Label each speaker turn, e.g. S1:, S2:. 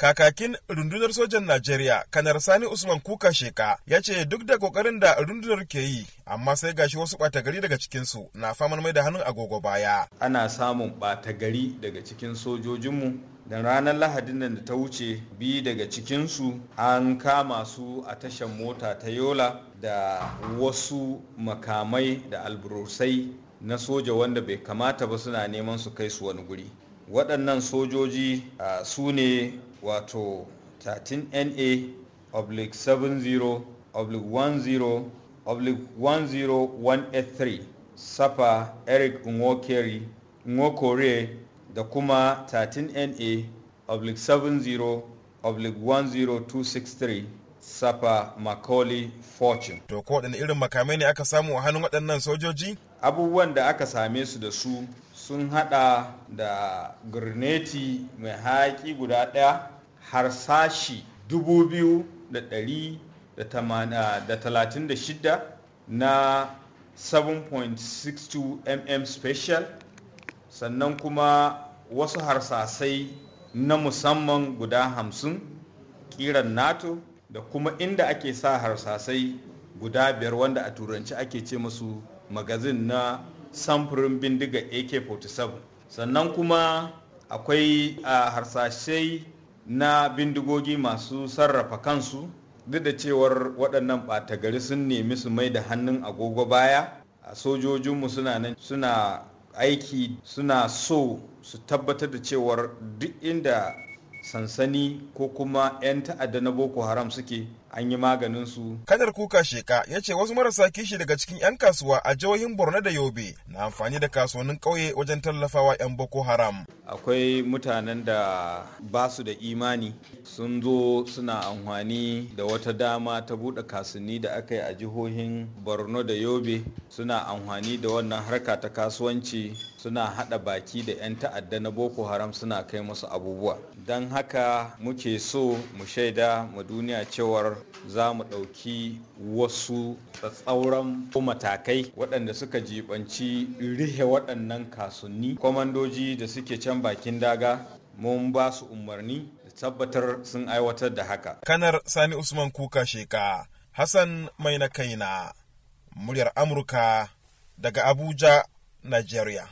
S1: kakakin rundunar sojan Najeriya kanar Sani Usman Kuka Sheka ya ce duk da kokarin da rundunar ke yi amma sai gashi wasu ɓata gari daga cikinsu na faman mai da hannun agogo
S2: baya. Ana samun ɓata gari daga cikin sojojinmu da ranar lahadin nan da ta wuce bi daga cikinsu an kama su a tashan mota ta yola da wasu makamai da alburusai na soja wanda bai kamata ba suna neman su kai su wani guri waɗannan sojoji su ne wato 13na oblique 70 oblique 10 oblique 10183 safa eric nwokeri nwokore da kuma 13na oblique 70 oblique 10263 Sapa Macaulay Fortune. To ko waɗanne irin makamai
S1: ne aka samu a hannun waɗannan sojoji?
S2: Abubuwan da aka same su da su sun hada da gurneti mai haƙi guda ɗaya harsashi dubu biyu da ɗari da ah, talatin da shida na 7.62 mm special sannan kuma wasu harsasai na musamman guda hamsin kiran nato da kuma inda ake sa harsasai guda biyar wanda a turanci ake ce musu magazin na samfurin bindiga ak-47 sannan kuma akwai a harsashai na bindigogi masu sarrafa kansu duk da cewar waɗannan ɓata gari sun nemi su mai da hannun agogo baya A sojojinmu suna nan suna aiki suna so su tabbatar da cewar duk inda sansani ko kuma 'yan ta'adda na boko haram suke an yi maganin su. Kadar kuka sheka
S1: ya ce wasu marasa kishi daga cikin 'yan kasuwa a jihohin Borno da Yobe na amfani da kasuwannin ƙauye wajen tallafawa 'yan Boko Haram.
S2: akwai mutanen da ba su da imani sun zo suna amfani da wata dama ta buɗe kasunni da aka yi a jihohin borno da yobe suna amfani da wannan harka ta kasuwanci suna haɗa baki da 'yan ta'adda na boko haram suna kai masu abubuwa don haka muke so mu shaida ma duniya cewar za mu ɗauki wasu tsatsauran matakai waɗanda suka jibanci rihe waɗannan kasunni kwamandoji da suke can bakin daga mun ba su umarni da tabbatar sun aiwatar da haka. Kanar Sani Usman Kuka Sheka, Hassan
S1: Mai na kaina, muryar Amurka daga Abuja, Nigeria.